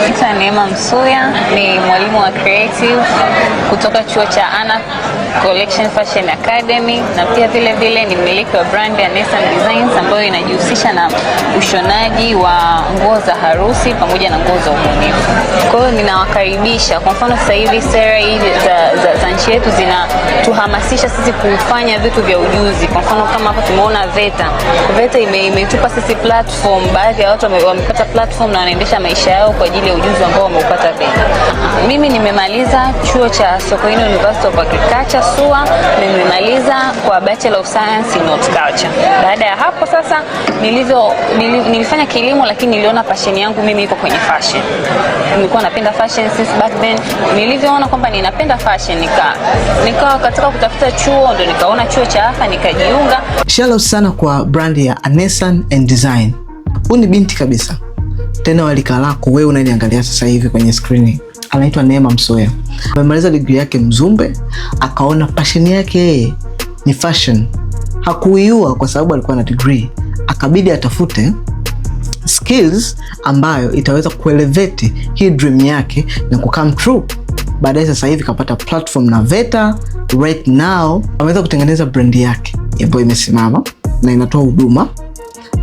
Naitwa Neema Msuya, ni mwalimu wa creative kutoka chuo cha Ana Collection Fashion Academy, na pia vile vile ni mmiliki wa brand ya Nesam Designs ambayo inajihusisha na ushonaji wa nguo za harusi pamoja na nguo za ubunifu. Kwa hiyo ninawakaribisha. Kwa mfano sasa hivi sera hizi za, za, za nchi yetu zinatuhamasisha sisi kufanya vitu vya ujuzi. Kwa mfano kama hapa tumeona VETA. VETA imetupa ime sisi platform, baadhi ya watu wamepata platform na wanaendesha maisha yao kwa ajili ule ujuzi ambao wameupata Kenya. Mimi nimemaliza chuo cha Sokoine University of Agriculture SUA, nimemaliza kwa Bachelor of Science in Horticulture. Baada ya hapo sasa nilivyo, nil, nilifanya kilimo lakini niliona passion yangu mimi iko kwenye fashion. Nilikuwa napenda fashion since back then. Nilivyoona kwamba ninapenda fashion nika nikawa katika kutafuta chuo ndo nikaona chuo cha hapa nikajiunga. Shalo sana kwa brandi ya Anesan and Design. Huu ni binti kabisa tena walikalako lako wewe unaniangalia sasa hivi kwenye skrini. Anaitwa Neema Msoya, amemaliza digri yake Mzumbe, akaona passion yake yeye ni fashion. Hakuiua kwa sababu alikuwa na digrii, akabidi atafute skills ambayo itaweza kuelevate hii dream yake na kukam true baadaye. Sasa hivi kapata platform na VETA. Right now ameweza kutengeneza brand yake ambayo imesimama na inatoa huduma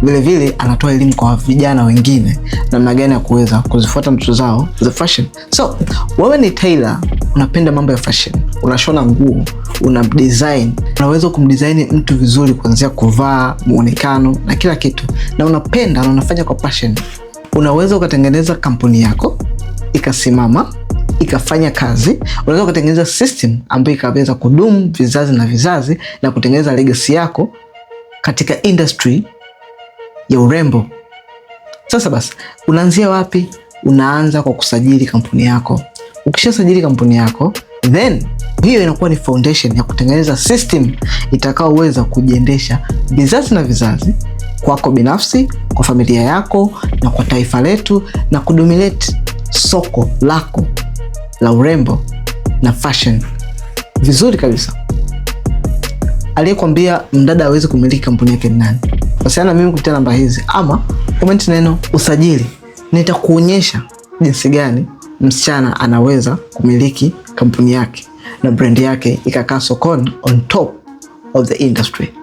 Vilevile anatoa elimu kwa vijana wengine namna gani ya kuweza kuzifuata ndoto zao za fashion. So wewe ni tailor, unapenda mambo ya fashion, unashona nguo, una design, unaweza kumdesign mtu vizuri kuanzia kuvaa, muonekano na kila kitu, na unapenda na unafanya kwa passion, unaweza ukatengeneza kampuni yako ikasimama ikafanya kazi. Unaweza ukatengeneza system ambayo ikaweza kudumu vizazi na vizazi na kutengeneza legacy yako katika industry ya urembo. Sasa basi, unaanzia wapi? Unaanza kwa kusajili kampuni yako. Ukishasajili kampuni yako, then hiyo inakuwa ni foundation ya kutengeneza system itakaoweza kujiendesha vizazi na vizazi, kwako binafsi, kwa familia yako na kwa taifa letu, na kudominate soko lako la urembo na fashion vizuri kabisa. Aliyekwambia mdada awezi kumiliki kampuni yake ni nani? wasiliana mimi kupitia namba hizi ama komenti neno usajili. Nitakuonyesha jinsi gani msichana anaweza kumiliki kampuni yake na brand yake ikakaa sokoni on top of the industry.